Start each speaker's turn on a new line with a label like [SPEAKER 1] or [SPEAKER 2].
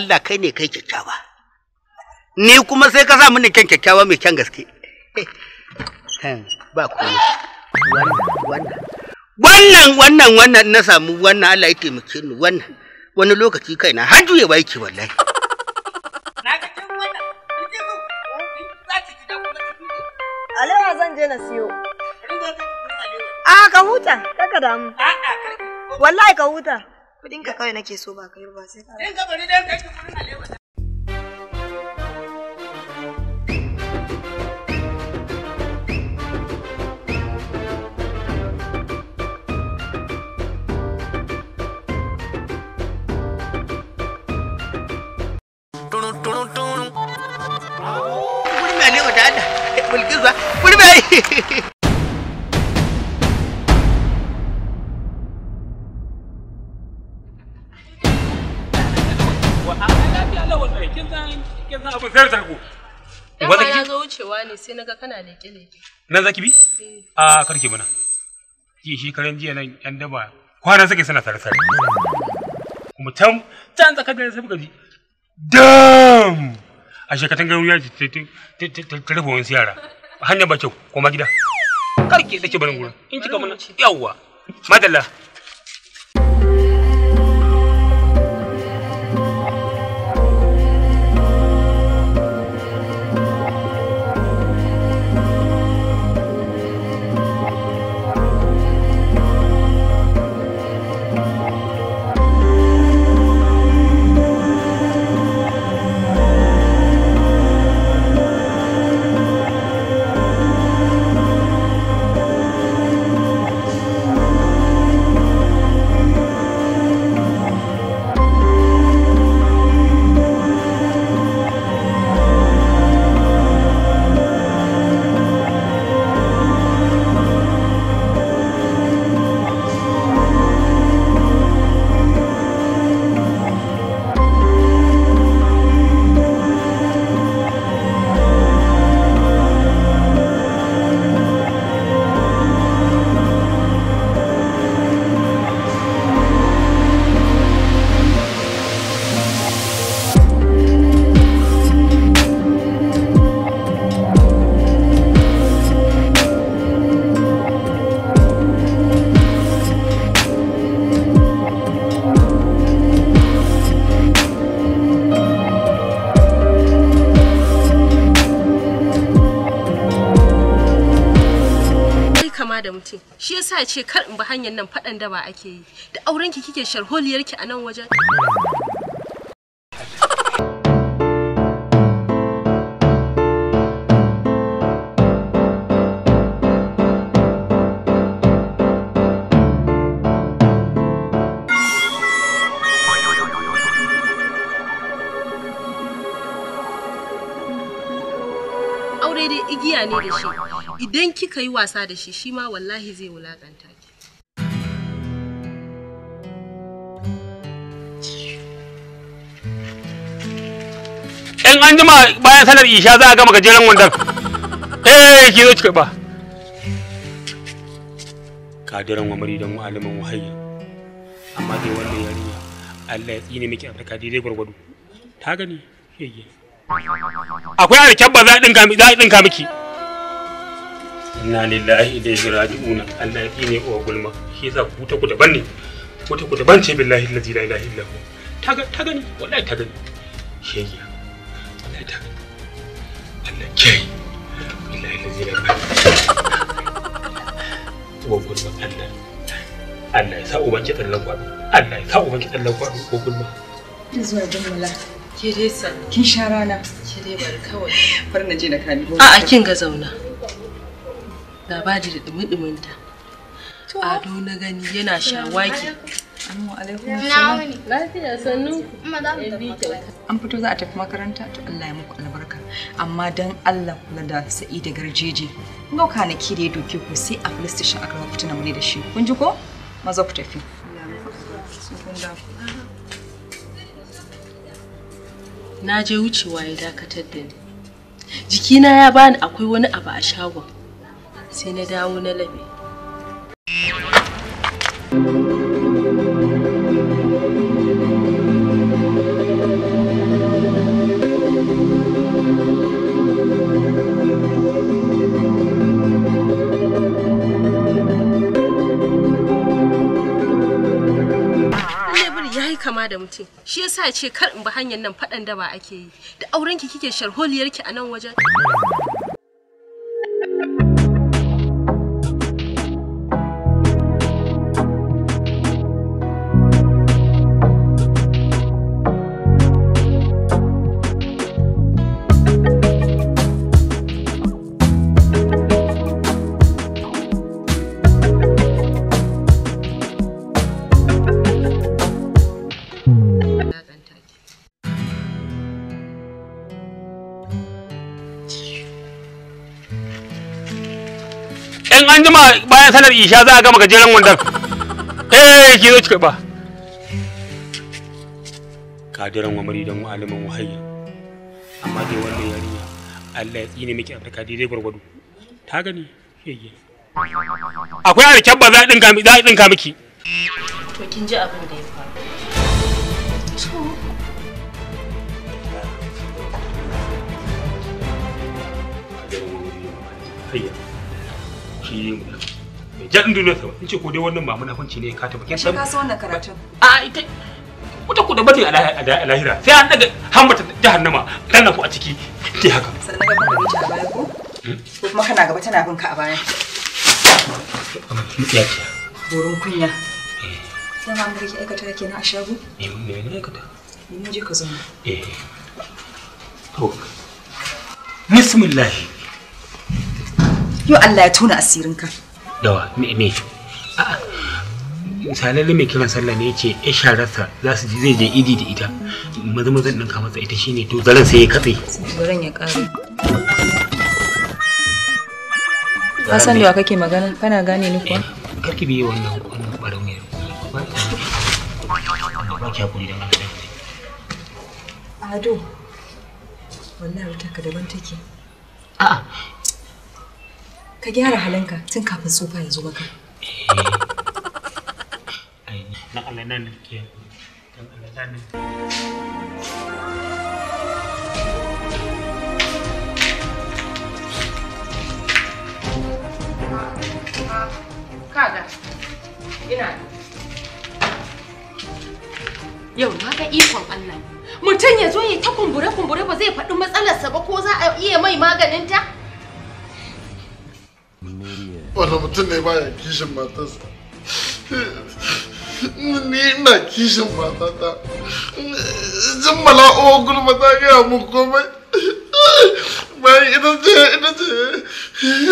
[SPEAKER 1] Allah kai ne kai kyakkyawa ni kuma sai ka sa mini kyan kyakkyawa mai kyan gaske ba wannan wannan wannan wannan na samu wannan Allah ya taimake ni wannan wani lokaci kaina na juye ya yake wallahi Alewa zan je na siyo. A ah, ka huta, kaka damu. Wallahi ka huta. Kudin ka kawai nake so ba kai ba sai ka. Dan ka bari dan kai kudin alewa. ne wa Allah wallahi kin san
[SPEAKER 2] kin san abin sai tarko Dama ya zo
[SPEAKER 1] wucewa ne sai naga kana leke-leke.
[SPEAKER 2] Nan zaki bi? Eh. A karki mana. Ji shi karen jiya nan yan daba kwana suke suna tare-tare. Kuma can can tsakar gari sai muka ji. Dam! A shekatan ya ta rufe wani yara. Hanyar ba kyau, koma gida. Karki da barin gurin. In kika mana yawwa. Madalla.
[SPEAKER 1] mutum shi yasa ce kar in bi hanyar nan faɗan da ba ake yi da auren ki kike sharholiyar ki a nan wajen igiya ne da shi idan kika yi wasa da shi shi ma wallahi zai wulaƙanta ki
[SPEAKER 2] in an jima bayan sanar isha za a gama gajeren wandon eh ki zo ki ba kadiran wa don mu'aliman wahayi amma dai wannan yarinya Allah ya tsine miki afirka daidai gwargwado ta gani shege
[SPEAKER 1] akwai alkyabba za a ɗinka miki
[SPEAKER 2] inna lillahi ilaihi raji'un Allah ya ne uwa gulma shi yasa ku ta ku daban ne ku ta ku daban ce billahi allazi la ilaha illa hu ta ga ta gani wallahi ta gani shege wallahi ta gani Allah kai billahi allazi la ilaha uwa gulma Allah Allah ya sa uban ki tsallan kwado Allah ya sa uban ki tsallan kwado uwa gulma
[SPEAKER 1] zuwa mala ke dai sa kin sha rana ke dai bar kawai bar na je na kani a'a kin ga zauna da baji da dumi Ado na gani yana shawaki. Lafiya sannu. Eh, An fito za a tafi makaranta to Allah ya muku albarka. Amma dan Allah kula da sa'i da garjeje. Kun ga kwanaki da ya doke ku sai a police station aka rawa na mune da shi. Kun ji ko? Maza ku tafi. Na je wucewa ya dakatar da ni. Jikina ya bani akwai wani abu a shagon. sai na dawo na labe kama da mutum shi yasa ce kar in bi hanyar nan faɗan da ba ake yi da aurenki kike sharholiyarki a nan wajen
[SPEAKER 2] in an jima bayan sanar isha za a gama gajeren wandon eh ki zo ki ba kadiran wa maridan wa aliman amma dai wannan yarinya Allah ya tsine miki afirka dai gurgudu ta gani yayye akwai arken ba za a dinka za a dinka miki
[SPEAKER 1] to kin ji abin da ya faru
[SPEAKER 2] Yeah. shi mu mai jaɗin duniyar sa in ce ko dai wannan mamuna fanci ne ka taɓa kin san ka so
[SPEAKER 1] wannan karatun a ita
[SPEAKER 2] wata ku da bata a lahira sai an daga hambata jahannama dan ku a ciki ke haka
[SPEAKER 1] sannan ga bata bace a baya ko hmm? ko kuma kana gaba tana bin ka a baya ya ce borin kunya eh. sai ma amurki aikata kenan a shago eh me ne aikata ni je ka zauna
[SPEAKER 2] eh to bismillah
[SPEAKER 1] Yo Allah ya tona asirinka.
[SPEAKER 2] Yawa me me. da mai kiran sallah ne yace ya shararsa za su zai je idi da ita. Maza mazan ɗinka masa ita shine to zaran sai ya katse.
[SPEAKER 1] Zaran ya ƙare. Ka san da kake magana kana gane ni kuwa? Eh,
[SPEAKER 2] Karki biye wannan wannan ɓarau ne. Ba ki hakuri da wannan.
[SPEAKER 1] Ado, wallahi wata ka daban take. A'a, ka gyara halinka tun kafin sofa ya zo maka
[SPEAKER 2] eh. na ke
[SPEAKER 1] kaga ina yau na ga ikon Allah mutum ya zo ya ta kumbure kumbure ba zai faɗi matsalarsa ba ko za a iya mai maganinta
[SPEAKER 2] wanda mutum ne baya kishin matarsa
[SPEAKER 1] ni ina kishin matata jin mala'o gulma ta gaya mun komai bayan ita ce ita ce